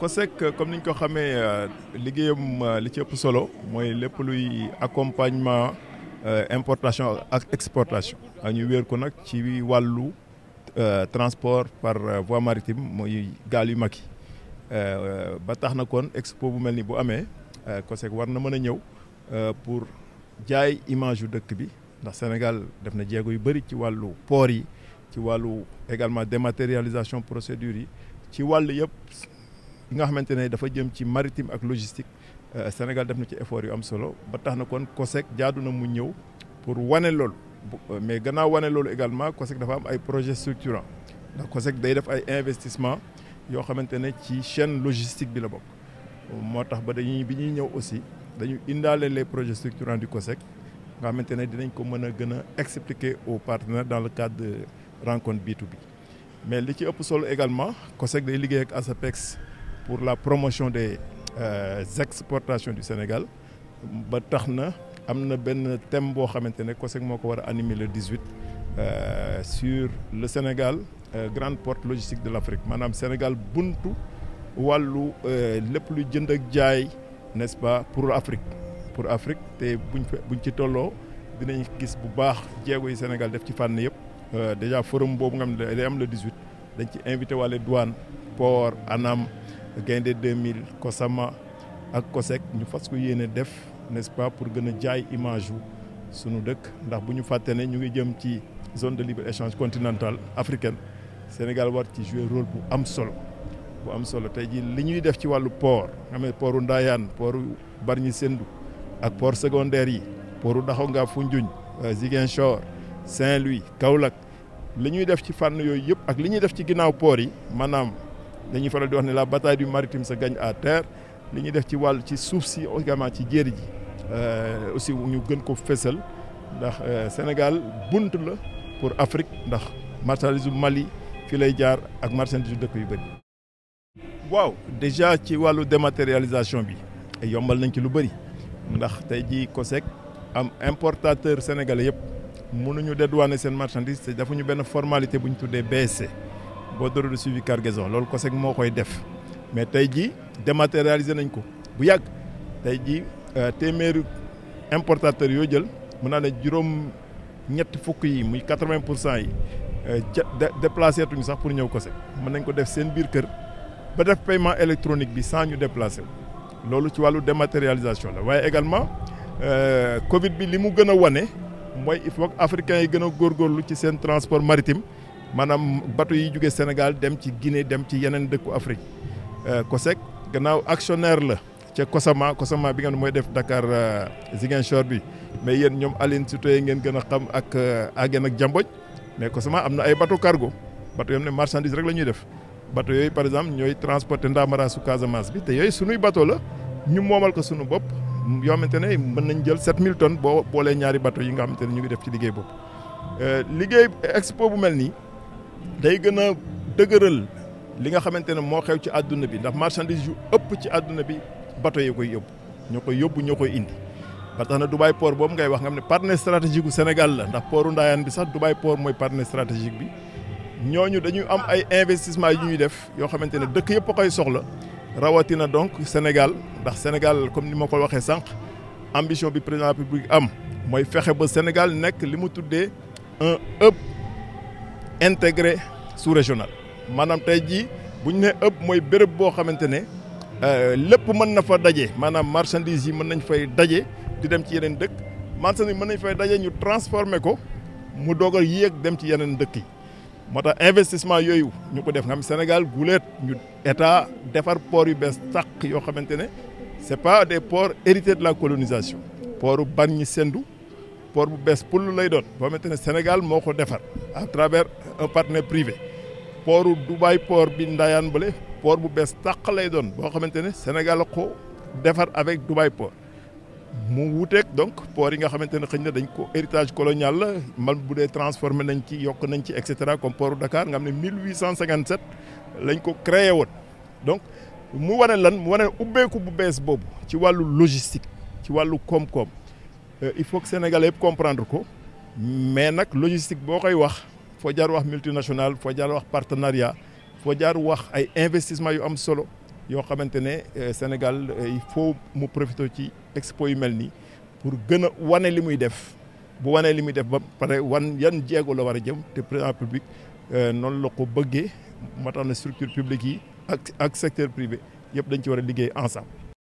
COSEC comme ni ñu ko xamee euh, liggéeyam euh, li ci ëpp solo mooy lépp luy accompagnement euh, importation ak exportation ah, ñu wéer ko nag ci wàllu transport par voie maritime mooy gaal yu mag yi ba tax na kon expo bu mel ni bu amee COSEC war na mën a ñëw pour jaay image yu dëkk bi ndax Sénégal def na jéego yu bëri ci wàllu port yi ci wàllu également dématérialisation procédure yi ci wàll yëpp. yi nga xamante ne dafa jëm ci maritime ak logistique euh, Sénégal def na ci effort yu am solo ba tax na kon COSEC jaadu na mu ñëw pour wane loolu euh, mais gannaaw wane loolu également COSEC dafa am ay projets structurants ndax COSEC day def ay investissement yoo xamante ne ci chaîne logistique bi la bokk moo tax ba dañuy bi ñuy ñëw aussi dañu indaale les projets structurants du COSEC nga xamante ne dinañ ko mën a gën a expliquer aux partenaires dans le cadre de rencontre b mais li ci ëpp solo également COSEC day liggéey ak ASAPEX pour la promotion des euh, exportations du Sénégal ba tax na am na benn thème boo xamante ne COSEC moo ko war a animer le 18 euh, sur le Sénégal euh, port porte logistique de l'Afrique maanaam Sénégal buntu wàllu euh, lépp lu jënd ak jaay n'est-ce pas pour Afrique pour Afrique te buñ fa buñ ci tolloo dinañ gis bu baax jéego yi Sénégal def ci fànn yëpp euh, déjà forum boobu nga xam ne day am le dañ ci invité wàlle douane port anam Gaindé 2000 Kosama ak COSEC ñu fas ko yéene def n'est-ce pas pour gën a jaay image wu sunu dëkk ndax bu ñu fàtte ne ñu ngi jëm ci zone de libre échange continentale africaine Sénégal war ci jouer rôle bu am solo bu am solo tey jii li ñuy def ci wàllu port xamee portu Ndayane portu Bargny Sendou ak port secondaire yi u portu nga Foundiougne euh, Ziguinchor Saint-Louis Kaolack li ñuy def ci fànn yooyu yëpp ak li ñuy def ci ginnaaw port yi maanaam dañuy faral di wax ne la bataille du maritime se gagne à terre li ñuy def ci wàll ci suuf si également ci jéeri ji euh, aussi ñu gën ko fësal ndax euh, Sénégal bunt la pour Afrique ndax marchandise bu Mali fi lay jaar ak marchandise dëkk yu bëri. waaw déjà ci wàllu dématérialisation bi yombal nañ ci lu bëri ndax tey jii COSEC am importateur sénégalais yëpp mënuñu dédouaner seen marchandise te dafa ñu benn formalité bu ñu tuddee BSC. boo doro de suivi cargaison loolu COSEC moo koy def mais tey jii dématérialiser nañ ko bu yàgg tey jii euh, téeméeri importateur yoo jël mun naa ne juróom ñetti fukk yi muy quatre-vingt pour cent yi euh, déplacé tuñ sax pour ñëw COSEC mën nañ ko def seen biir kër ba def paiement électronique bi sans ñu déplacé loolu ci wàllu dématérialisation la waaye également euh, Covid bi li mu gën a wane mooy il faut que yi gën a góorgóorlu ci seen transport maritime maanaam bateau yi jóge Sénégal dem ci Guinée dem ci yeneen dëkku Afrique euh, COSEC gannaaw actionnaire la ca COSAMA COSAMA bi ngeen mooy def Dakar euh, Ziguinchor bi mais yéen ñoom Aline Sitoé ngeen gën a xam ak euh, Agen ak Jamboj mais COSAMA am na ay bato cargo bateau yoo ne marchandise rek la ñuy def bateau yooyu par exemple ñooy transporter ndaamarasu Casamance bi te yooyu sunuy bato la ñu moomal ko sunu bopp yoo xamante ne mën nañ jël mille ton boo boolee ñaari bateau yi nga ne ñu ngi def ci liggéey boobu liggéey expo bu mel nii. day gën a dëgëral li nga xamante ne moo xew ci àdduna bi ndax marchandise yu ëpp ci àdduna bi bato yi koy yóbbu ñoo koy yóbbu ñoo koy indi. ba tax na Dubai port boobu ngay wax nga xam ne partenaire stratégique bu Sénégal la ndax portu Ndayane bi sax Dubai port mooy partenaire stratégique bi ñooñu dañuy am ay investissement yu ñuy def yoo xamante ne dëkk yëpp a koy soxla rawatina donc Sénégal ndax Sénégal comme ni ma ko waxee sànq ambition bi président de la am mooy fexe ba Sénégal nekk li mu tuddee un intégré sous régional maanaam tey jii bu ñu nee ëpp mooy béréb boo xamante ne euh, lépp mën na fa daje maanaam marchandises yi mën nañ fay daje di dem ci yeneen dëkk marchandises yi mën nañ fay daje ñu transformer ko mu doog a yéeg dem ci yeneen dëkk yi. moo tax investissement yooyu ñu ko def ngam xam Sénégal guleet ñu état defar port yu bees tàq yoo xamante ne c'est pas des ports hérités de la colonisation portu Bargny sendu poor bu bees pull lay doon boo xamante Sénégal moo ko defar un partenaire privé pooru dubaay port bi Ndayane bële port bu bees tàq lay doon boo xamante ne Sénégal ko defar avec dubaay port mu wuteeg donc port yi nga xamante ne xëñ na dañ ko héritage colonial la man bu dee transformé nañ ci yokk nañ ci et cetera comme portu Dakar nga xam ne 1857 lañ ko créé woon donc mu wane lan mu wane ubbeeku bu bees boobu ci wàllu logistique ci wàllu koom-koom euh, il faut que sénégalais yëpp comprendre ko mais nag logistique boo koy wax. foo jaar wax multinational foo jaar wax partenariat foo jaar wax ay investissement yu am solo yoo xamante ne euh, Sénégal euh, foo mu profité ci expo yu mel nii pour gën a wane li muy def bu wanee li muy def ba pare wan yan jéego la war a jëm te président public euh, noonu la ko bëggee moo tax na structure publique yi ak ak secteur privé yëpp dañ ci war a liggéey ensemble